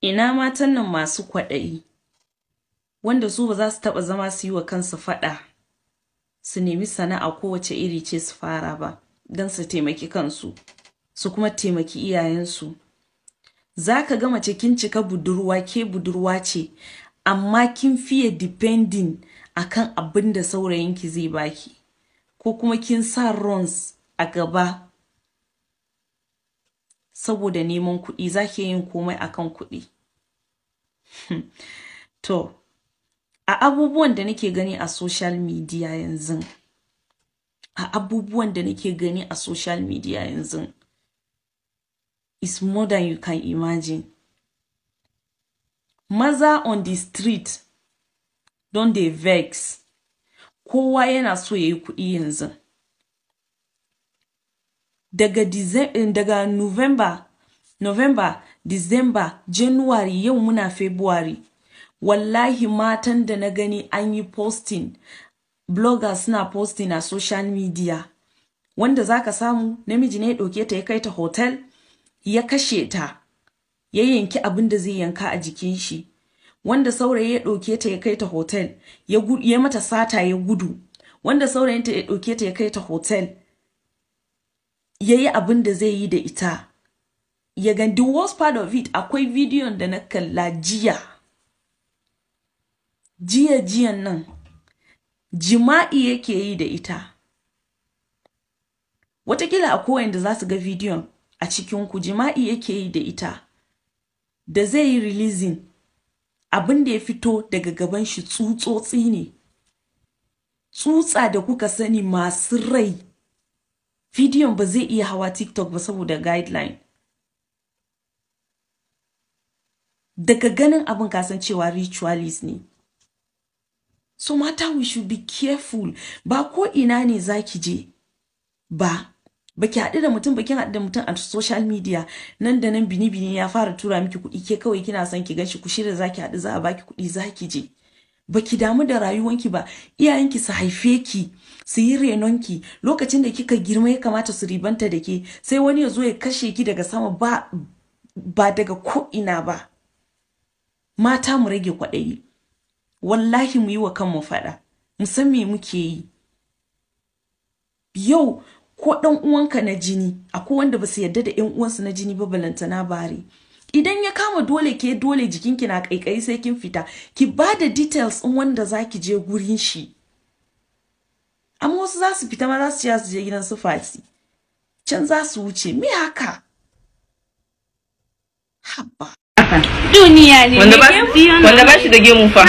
Ina matan nan masu kwaɗayi, wanda su ba za su taɓa zama su yi wa kansu faɗa, su nemi sana'a kowace iri ce su fara ba, don su taimaki kansu. su kuma taimaki iyayensu za ka gama cikin kin cika budurwa ke budurwa ce amma kin fiye depending kan abin da saurayinki zai baki ko kuma kin sa runs a gaba saboda neman kuɗi za ki yin komai akan kuɗi to a abubuwan da nake gani a social media yanzu a abubuwan da nake gani a social media yanzu is more than you can imagine maza on the street don dey vex kowa yana so ya yi kuɗi yanzu daga eh, daga november november december january yau muna february wallahi matan da na gani an yi posting bloggers suna posting a social media wanda zaka samu namiji ne ya ɗauke ta ya kai ta hotel ya kashe ta ya yanki abin da zai yanka a jikin shi wanda saurayi ya ɗauke ta ya kai ta hotel ya mata sata ya gudu wanda saurayin ta ya ɗauke ta ya kai ta hotel ya yi abin da zai yi da ita ya ga the worst part of it akwai bidiyon da na kalla jiya jiya jiyan nan jima'i yake yi da ita watakila a kowai da za su ga bidiyon a cikinku jima'i yake yi da ita da zai yi releasing abin da ya fito daga gaban shi tsutsotsi ne tsutsa da kuka sani masu rai fidiyon ba zai iya hawa tiktok ba saboda guideline daga ganin abin cewa ritualist ne so mata we should be careful ba ko ina ne za ki je ba baki haɗu da mutum baki haɗu da mutum a social media nan da nan bini bini ya fara tura miki kuɗi ke kawai kina son ki ganshi ku shirya zaki haɗu za a baki kuɗi za ki je baki damu da rayuwanki ba iyayenki su haife ki su yi renonki lokacin da kika girma ya kamata su ribanta da ke sai wani ya zo ya kashe ki daga sama ba ba daga ko ina ba mata mu rage kwaɗayi wallahi mu yi wa kanmu faɗa mu me muke yi yau ko ɗan uwanka na jini akwai wanda ba su yarda da ƴan uwansu na jini ba balantana bare idan ya kama dole ke dole jikinki na kaikayi sai kin fita ki ba da details in wanda za ki je gurin shi amma wasu za su fita ma za su ci su je gidan su fati can za su wuce me haka haba duniya ne wanda ba wanda ba shi da gemu fa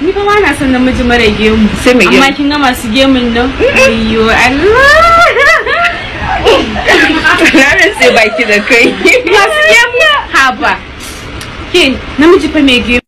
ni ba ma na son namiji mara gemu sai mai gemu amma kin ga masu gemun nan ayyo Allah mas que é kai masu yamma haba ke namiji me mai